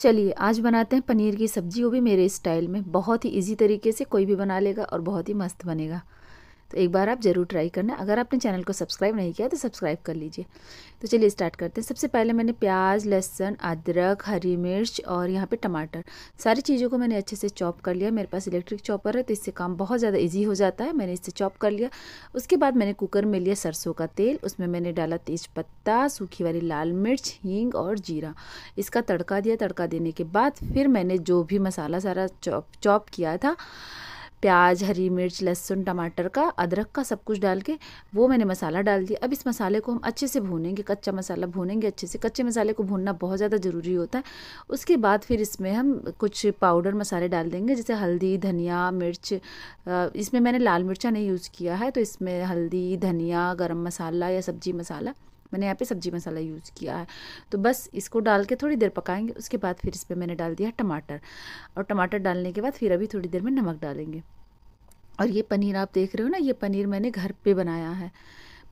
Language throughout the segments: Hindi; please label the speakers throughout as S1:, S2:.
S1: चलिए आज बनाते हैं पनीर की सब्ज़ी वो भी मेरे स्टाइल में बहुत ही इजी तरीके से कोई भी बना लेगा और बहुत ही मस्त बनेगा तो एक बार आप ज़रूर ट्राई करना अगर आपने चैनल को सब्सक्राइब नहीं किया तो सब्सक्राइब कर लीजिए तो चलिए स्टार्ट करते हैं सबसे पहले मैंने प्याज लहसुन अदरक हरी मिर्च और यहाँ पे टमाटर सारी चीज़ों को मैंने अच्छे से चॉप कर लिया मेरे पास इलेक्ट्रिक चॉपर है तो इससे काम बहुत ज़्यादा ईजी हो जाता है मैंने इससे चॉप कर लिया उसके बाद मैंने कुकर में लिया सरसों का तेल उसमें मैंने डाला तेज पत्ता सूखी वाली लाल मिर्च हींग और जीरा इसका तड़का दिया तड़का देने के बाद फिर मैंने जो भी मसाला सारा चॉप चॉप किया था प्याज हरी मिर्च लहसुन टमाटर का अदरक का सब कुछ डाल के वो मैंने मसाला डाल दिया अब इस मसाले को हम अच्छे से भूनेंगे कच्चा मसाला भूनेंगे अच्छे से कच्चे मसाले को भूनना बहुत ज़्यादा ज़रूरी होता है उसके बाद फिर इसमें हम कुछ पाउडर मसाले डाल देंगे जैसे हल्दी धनिया मिर्च इसमें मैंने लाल मिर्चा नहीं यूज़ किया है तो इसमें हल्दी धनिया गर्म मसाला या सब्जी मसाला मैंने यहाँ पे सब्जी मसाला यूज़ किया है तो बस इसको डाल के थोड़ी देर पकाएंगे उसके बाद फिर इस पर मैंने डाल दिया टमाटर और टमाटर डालने के बाद फिर अभी थोड़ी देर में नमक डालेंगे और ये पनीर आप देख रहे हो ना ये पनीर मैंने घर पे बनाया है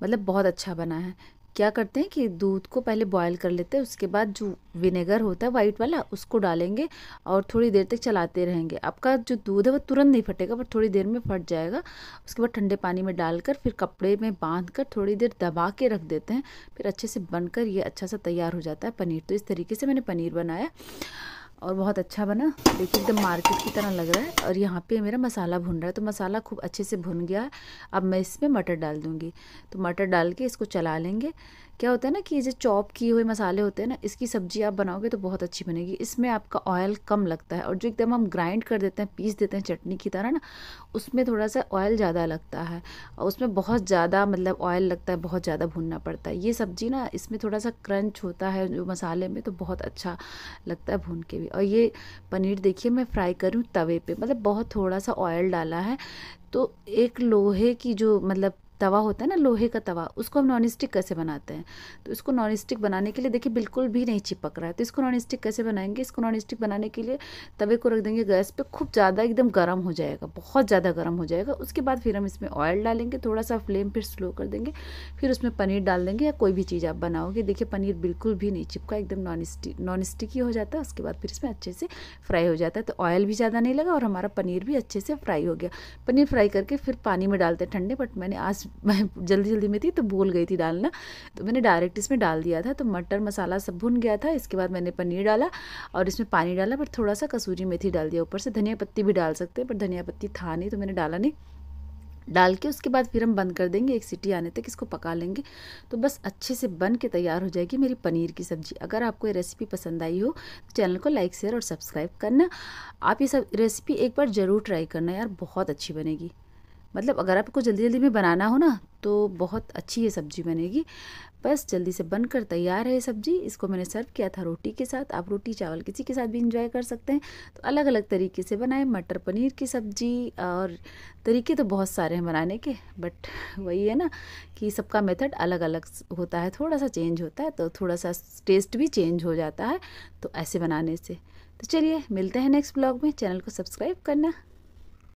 S1: मतलब बहुत अच्छा बना है क्या करते हैं कि दूध को पहले बॉयल कर लेते हैं उसके बाद जो विनेगर होता है वाइट वाला उसको डालेंगे और थोड़ी देर तक चलाते रहेंगे आपका जो दूध है वो तुरंत नहीं फटेगा पर थोड़ी देर में फट जाएगा उसके बाद ठंडे पानी में डालकर फिर कपड़े में बांध कर थोड़ी देर दबा के रख देते हैं फिर अच्छे से बनकर ये अच्छा सा तैयार हो जाता है पनीर तो इस तरीके से मैंने पनीर बनाया और बहुत अच्छा बना देखिए एकदम मार्केट की तरह लग रहा है और यहाँ पे मेरा मसाला भुन रहा है तो मसाला खूब अच्छे से भुन गया है अब मैं इसमें मटर डाल दूँगी तो मटर डाल के इसको चला लेंगे क्या होता है ना कि ये जो चॉप किए हुए मसाले होते हैं ना इसकी सब्ज़ी आप बनाओगे तो बहुत अच्छी बनेगी इसमें आपका ऑयल कम लगता है और जो एकदम हम ग्राइंड कर देते हैं पीस देते हैं चटनी की तरह ना उसमें थोड़ा सा ऑयल ज़्यादा लगता है और उसमें बहुत ज़्यादा मतलब ऑयल लगता है बहुत ज़्यादा भुनना पड़ता है ये सब्ज़ी ना इसमें थोड़ा सा क्रंच होता है जो मसाले में तो बहुत अच्छा लगता है भून के भी वाली और ये पनीर देखिए मैं फ्राई करूँ तवे पे मतलब बहुत थोड़ा सा ऑयल डाला है तो एक लोहे की जो मतलब तवा होता है ना लोहे का तवा उसको हम नॉन स्टिक कैसे बनाते हैं तो इसको नॉन स्टिक बनाने के लिए देखिए बिल्कुल भी नहीं चिपक रहा है तो इसको नॉन स्टिक कैसे बनाएंगे इसको नॉन स्टिक बनाने के लिए तवे को रख देंगे गैस पे खूब ज़्यादा एकदम गर्म हो जाएगा बहुत ज़्यादा गर्म हो जाएगा उसके बाद फिर हम इसमें ऑयल डालेंगे थोड़ा सा फ्लेम फिर स्लो कर देंगे फिर उसमें पनीर डाल देंगे या कोई भी चीज़ आप बनाओगे देखिए पनीर बिल्कुल भी नहीं चिपका एकदम नॉन स्टिक नॉन स्टिक ही हो जाता है उसके बाद फिर इसमें अच्छे से फ्राई हो जाता है तो ऑयल भी ज़्यादा नहीं लगा और हमारा पनीर भी अच्छे से फ्राई हो गया पनीर फ्राई करके फिर पानी में डालते ठंडे बट मैंने आज मैं जल्दी जल्दी में थी तो भूल गई थी डालना तो मैंने डायरेक्ट इसमें डाल दिया था तो मटर मसाला सब भुन गया था इसके बाद मैंने पनीर डाला और इसमें पानी डाला पर थोड़ा सा कसूरी मेथी डाल दिया ऊपर से धनिया पत्ती भी डाल सकते हैं पर धनिया पत्ती था नहीं तो मैंने डाला नहीं डाल के उसके बाद फिर हम बंद कर देंगे एक सीटी आने तक इसको पका लेंगे तो बस अच्छे से बन के तैयार हो जाएगी मेरी पनीर की सब्ज़ी अगर आपको ये रेसिपी पसंद आई हो तो चैनल को लाइक शेयर और सब्सक्राइब करना आप ये सब रेसिपी एक बार ज़रूर ट्राई करना यार बहुत अच्छी बनेगी मतलब अगर आपको जल्दी जल्दी में बनाना हो ना तो बहुत अच्छी ये सब्ज़ी बनेगी बस जल्दी से बनकर तैयार है ये सब्ज़ी इसको मैंने सर्व किया था रोटी के साथ आप रोटी चावल किसी के साथ भी इंजॉय कर सकते हैं तो अलग अलग तरीके से बनाए मटर पनीर की सब्ज़ी और तरीके तो बहुत सारे हैं बनाने के बट वही है ना कि सबका मेथड अलग अलग होता है थोड़ा सा चेंज होता है तो थोड़ा सा टेस्ट भी चेंज हो जाता है तो ऐसे बनाने से तो चलिए मिलते हैं नेक्स्ट ब्लॉग में चैनल को सब्सक्राइब करना